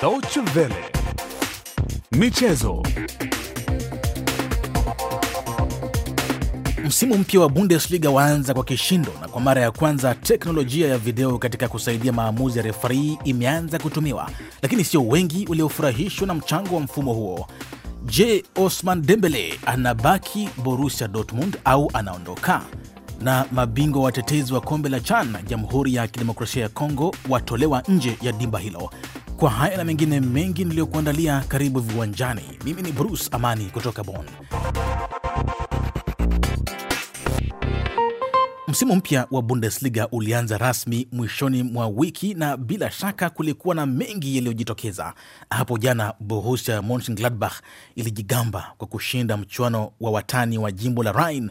Deutsche Welle. Michezo. Msimu mpya wa Bundesliga waanza kwa kishindo na kwa mara ya kwanza teknolojia ya video katika kusaidia maamuzi ya refarii imeanza kutumiwa, lakini sio wengi waliofurahishwa na mchango wa mfumo huo. Je, Osman Dembele anabaki Borussia Dortmund au anaondoka? na mabingwa watetezi wa kombe la CHAN Jamhuri ya Kidemokrasia ya Kongo watolewa nje ya dimba hilo. Kwa haya na mengine mengi niliyokuandalia, karibu viwanjani. Mimi ni Bruce Amani kutoka bon Msimu mpya wa Bundesliga ulianza rasmi mwishoni mwa wiki na bila shaka kulikuwa na mengi yaliyojitokeza. Hapo jana, Borussia mongladbach ilijigamba kwa kushinda mchuano wa watani wa jimbo la rin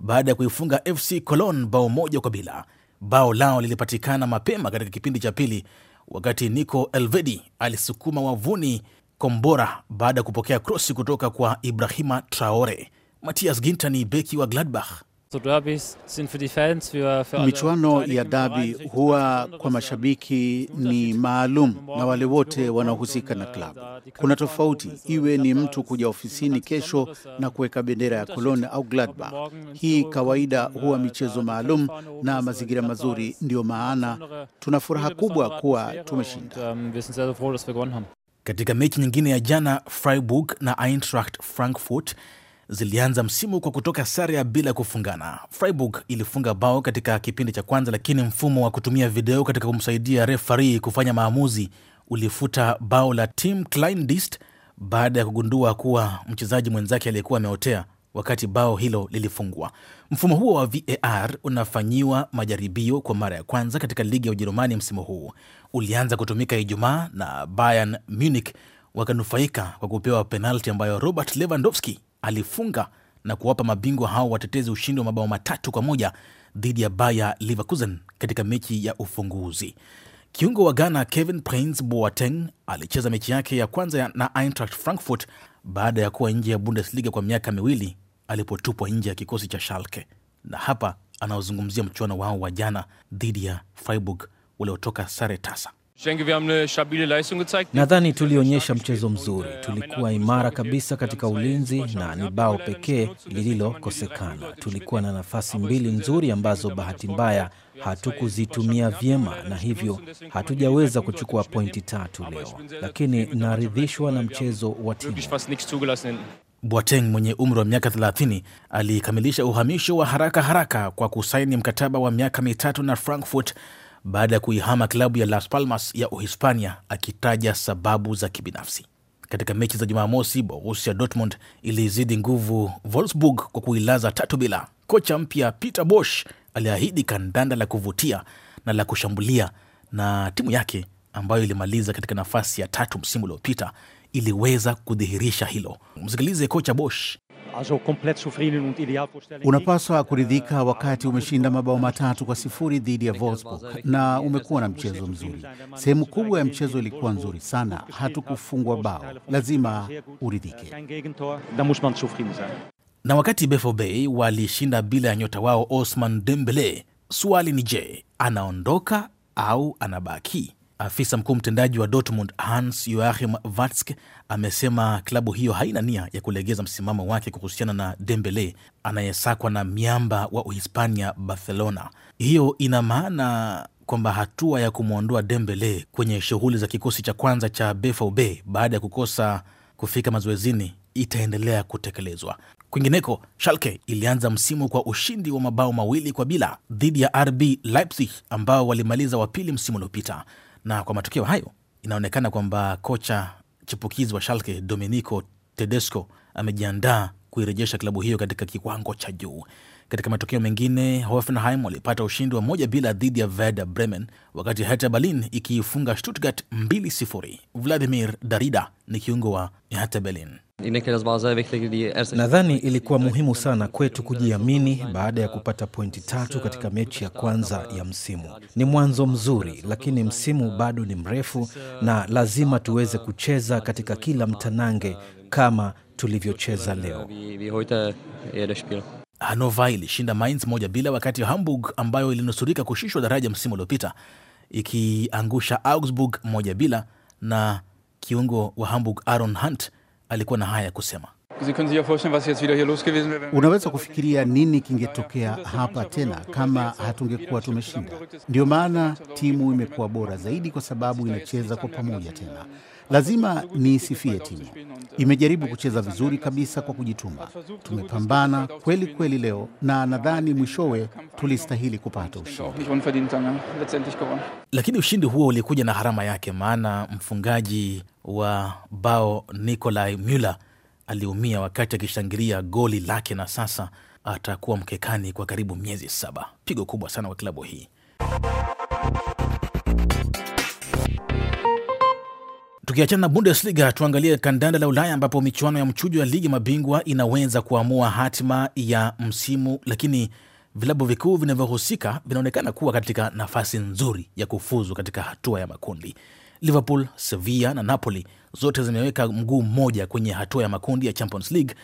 baada ya kuifunga FC colon bao moja kwa bila. Bao lao lilipatikana mapema katika kipindi cha pili wakati Nico Elvedi alisukuma wavuni kombora baada ya kupokea krosi kutoka kwa Ibrahima Traore. Matias ginta ni beki wa Gladbach So derbys sind für die Fans, für, für michuano ya dabi huwa kwa mashabiki ni maalum na wale wote wanaohusika na äh, klabu. Kuna tofauti, iwe ni mtu kuja ofisini kesho äh, na kuweka bendera ya Cologne au Gladbach. Hii kawaida äh, huwa michezo maalum na mazingira mazuri, ndiyo maana tuna furaha kubwa kuwa tumeshinda. Ähm, Katika mechi nyingine ya jana, Freiburg na Eintracht Frankfurt zilianza msimu kwa kutoka sare ya bila kufungana. Freiburg ilifunga bao katika kipindi cha kwanza, lakini mfumo wa kutumia video katika kumsaidia refari kufanya maamuzi ulifuta bao la Tim Kleindienst baada ya kugundua kuwa mchezaji mwenzake aliyekuwa ameotea wakati bao hilo lilifungwa. Mfumo huo wa VAR unafanyiwa majaribio kwa mara ya kwanza katika ligi ya Ujerumani msimu huu. Ulianza kutumika Ijumaa na Bayern Munich wakanufaika kwa kupewa penalti ambayo Robert Lewandowski alifunga na kuwapa mabingwa hao watetezi ushindi wa mabao matatu kwa moja dhidi ya Bayer Leverkusen katika mechi ya ufunguzi. Kiungo wa Ghana Kevin Prince Boateng alicheza mechi yake ya kwanza na Eintracht Frankfurt baada ya kuwa nje ya Bundesliga kwa miaka miwili alipotupwa nje ya kikosi cha Schalke, na hapa anaozungumzia mchuano wao wa jana dhidi ya Freiburg waliotoka sare tasa. Nadhani tulionyesha mchezo mzuri, tulikuwa imara kabisa katika ulinzi na ni bao pekee lililokosekana. Tulikuwa na nafasi mbili nzuri ambazo bahati mbaya hatukuzitumia vyema na hivyo hatujaweza kuchukua pointi tatu leo, lakini naridhishwa na mchezo wa timu. Boateng mwenye umri wa miaka 30 alikamilisha uhamisho wa haraka haraka kwa kusaini mkataba wa miaka mitatu na Frankfurt baada ya kuihama klabu ya Las Palmas ya Uhispania akitaja sababu za kibinafsi. Katika mechi za Jumamosi, Borussia Dortmund ilizidi nguvu Wolfsburg kwa kuilaza tatu bila. Kocha mpya Peter Bosch aliahidi kandanda la kuvutia na la kushambulia, na timu yake ambayo ilimaliza katika nafasi ya tatu msimu uliopita iliweza kudhihirisha hilo. Msikilize kocha Bosch Unapaswa kuridhika wakati umeshinda mabao matatu kwa sifuri dhidi ya Wolfsburg na umekuwa na mchezo mzuri. Sehemu kubwa ya mchezo ilikuwa nzuri sana, hatukufungwa bao, lazima uridhike. Na wakati BFOB walishinda bila ya nyota wao Osman Dembele, swali ni je, anaondoka au anabaki? Afisa mkuu mtendaji wa Dortmund Hans Joachim Watzke amesema klabu hiyo haina nia ya kulegeza msimamo wake kuhusiana na Dembele anayesakwa na miamba wa Uhispania Barcelona. Hiyo ina maana kwamba hatua ya kumwondoa Dembele kwenye shughuli za kikosi cha kwanza cha BVB baada ya kukosa kufika mazoezini itaendelea kutekelezwa. Kwingineko, Schalke ilianza msimu kwa ushindi wa mabao mawili kwa bila dhidi ya RB Leipzig ambao walimaliza wa pili msimu uliopita. Na kwa matokeo hayo, inaonekana kwamba kocha chipukizi wa shalke Domenico Tedesco amejiandaa kuirejesha klabu hiyo katika kiwango cha juu. Katika matokeo mengine, Hoffenheim walipata ushindi wa moja bila dhidi ya Werder Bremen, wakati Hertha Berlin ikiifunga Stuttgart 2 Vladimir Darida ni kiungo wa Hertha Berlin. Nadhani ilikuwa muhimu sana kwetu kujiamini baada ya kupata pointi tatu katika mechi ya kwanza ya msimu. Ni mwanzo mzuri, lakini msimu bado ni mrefu na lazima tuweze kucheza katika kila mtanange kama tulivyocheza leo. Hanova ilishinda Mainz moja bila, wakati Hamburg ambayo ilinusurika kushushwa daraja msimu uliopita ikiangusha Augsburg moja bila, na kiungo wa Hamburg Aaron Hunt alikuwa na haya ya kusema. Unaweza kufikiria nini kingetokea hapa tena kama hatungekuwa tumeshinda? Ndio maana timu imekuwa bora zaidi, kwa sababu inacheza kwa pamoja tena. Lazima niisifie timu, imejaribu kucheza vizuri kabisa kwa kujituma. Tumepambana kweli kweli leo na nadhani mwishowe tulistahili kupata ushindi, lakini ushindi huo ulikuja na gharama yake, maana mfungaji wa bao Nikolai Muller aliumia wakati akishangilia goli lake na sasa atakuwa mkekani kwa karibu miezi saba. Pigo kubwa sana kwa klabu hii. Tukiachana na Bundesliga, tuangalie kandanda la Ulaya ambapo michuano ya mchujo ya ligi mabingwa inaweza kuamua hatima ya msimu, lakini vilabu vikuu vinavyohusika vinaonekana kuwa katika nafasi nzuri ya kufuzu katika hatua ya makundi. Liverpool, Sevilla na Napoli zote zimeweka mguu mmoja kwenye hatua ya makundi ya Champions League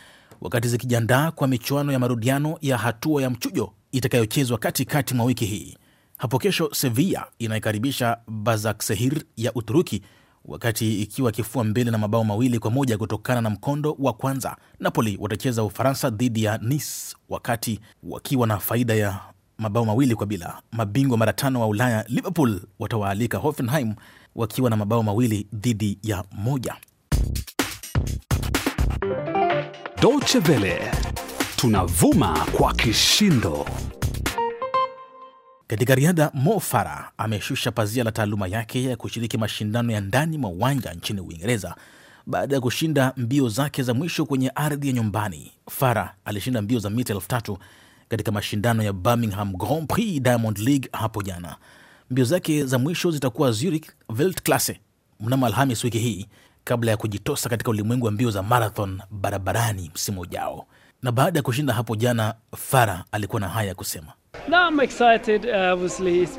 wakati zikijiandaa kwa michuano ya marudiano ya hatua ya mchujo itakayochezwa katikati mwa wiki hii. Hapo kesho, Sevilla inayekaribisha Basaksehir ya Uturuki, wakati ikiwa kifua mbele na mabao mawili kwa moja kutokana na mkondo wa kwanza. Napoli watacheza Ufaransa dhidi ya nis wakati wakiwa na faida ya mabao mawili kwa bila. Mabingwa mara tano wa Ulaya Liverpool watawaalika Hoffenheim wakiwa na mabao mawili dhidi ya moja. Deutsche Welle tunavuma kwa kishindo. Katika riadha, Mo Farah ameshusha pazia la taaluma yake ya kushiriki mashindano ya ndani mwa uwanja nchini Uingereza baada ya kushinda mbio zake za mwisho kwenye ardhi ya nyumbani. Farah alishinda mbio za mita elfu tatu katika mashindano ya Birmingham Grand Prix Diamond League hapo jana. Mbio zake za mwisho zitakuwa Zurich Weltklasse mnamo Alhamis wiki hii kabla ya kujitosa katika ulimwengu wa mbio za marathon barabarani msimu ujao. Na baada ya kushinda hapo jana, fara alikuwa na haya ya kusema.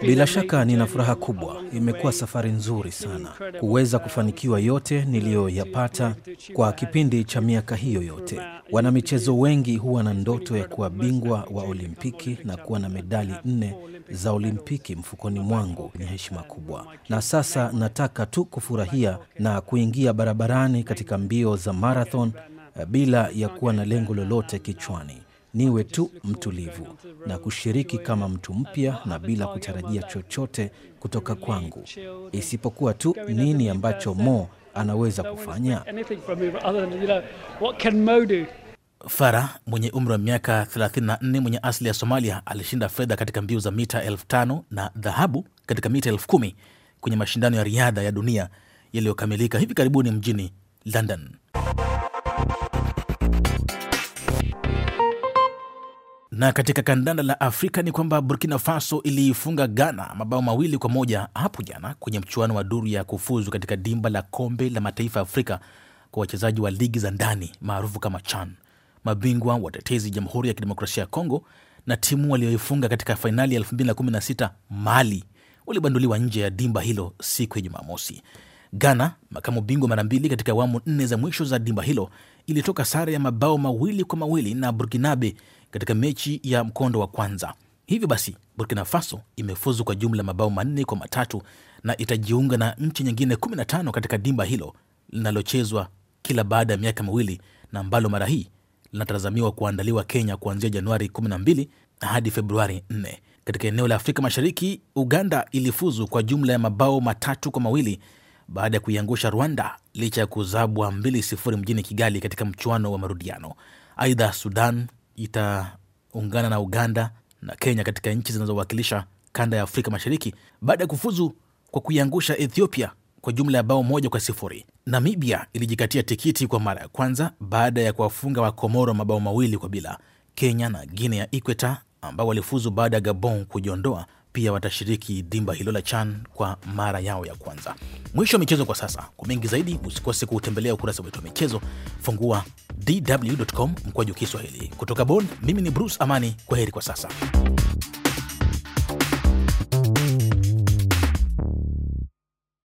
Bila shaka nina furaha kubwa. Imekuwa safari nzuri sana kuweza kufanikiwa yote niliyoyapata kwa kipindi cha miaka hiyo yote. Wanamichezo wengi huwa na ndoto ya kuwa bingwa wa Olimpiki na kuwa na medali nne za Olimpiki mfukoni mwangu ni heshima kubwa, na sasa nataka tu kufurahia na kuingia barabarani katika mbio za marathon eh, bila ya kuwa na lengo lolote kichwani niwe tu mtulivu na kushiriki kama mtu mpya na bila kutarajia chochote kutoka kwangu, isipokuwa tu nini ambacho Mo anaweza kufanya. fara mwenye umri wa miaka 34 mwenye asili ya Somalia alishinda fedha katika mbio za mita 5 na dhahabu katika mita 1 kwenye mashindano ya riadha ya dunia yaliyokamilika hivi karibuni mjini London. Na katika kandanda la Afrika ni kwamba Burkina Faso iliifunga Ghana mabao mawili kwa moja hapo jana kwenye mchuano wa duru ya kufuzu katika dimba la kombe la mataifa ya Afrika kwa wachezaji wa ligi za ndani maarufu kama CHAN. Mabingwa watetezi Jamhuri ya Kidemokrasia ya Kongo na timu walioifunga katika fainali ya 216 Mali walibanduliwa nje ya dimba hilo siku ya Jumamosi. Ghana, makamu bingwa mara mbili katika awamu nne za mwisho za dimba hilo, ilitoka sare ya mabao mawili kwa mawili na Burkinabe katika mechi ya mkondo wa kwanza. Hivyo basi Burkina Faso imefuzu kwa jumla mabao manne kwa matatu na itajiunga na nchi nyingine 15 katika dimba hilo linalochezwa kila baada ya miaka miwili na ambalo mara hii linatazamiwa kuandaliwa Kenya kuanzia Januari 12 hadi Februari 4. Katika eneo la Afrika Mashariki, Uganda ilifuzu kwa jumla ya mabao matatu kwa mawili baada ya kuiangusha Rwanda licha ya kuzabwa 2 mjini Kigali katika mchuano wa marudiano. Aidha, Sudan itaungana na Uganda na Kenya katika nchi zinazowakilisha kanda ya Afrika Mashariki baada ya kufuzu kwa kuiangusha Ethiopia kwa jumla ya bao moja kwa sifuri. Namibia ilijikatia tikiti kwa mara ya kwanza baada ya kuwafunga Wakomoro mabao mawili kwa bila. Kenya na Guinea ya equeta ambao walifuzu baada ya Gabon kujiondoa pia watashiriki dimba hilo la CHAN kwa mara yao ya kwanza. Mwisho wa michezo kwa sasa. Kwa mengi zaidi, usikose kuutembelea ukurasa wetu wa michezo, fungua dw.com mkwaju Kiswahili. Kutoka Bonn, mimi ni Bruce Amani. Kwa heri kwa sasa.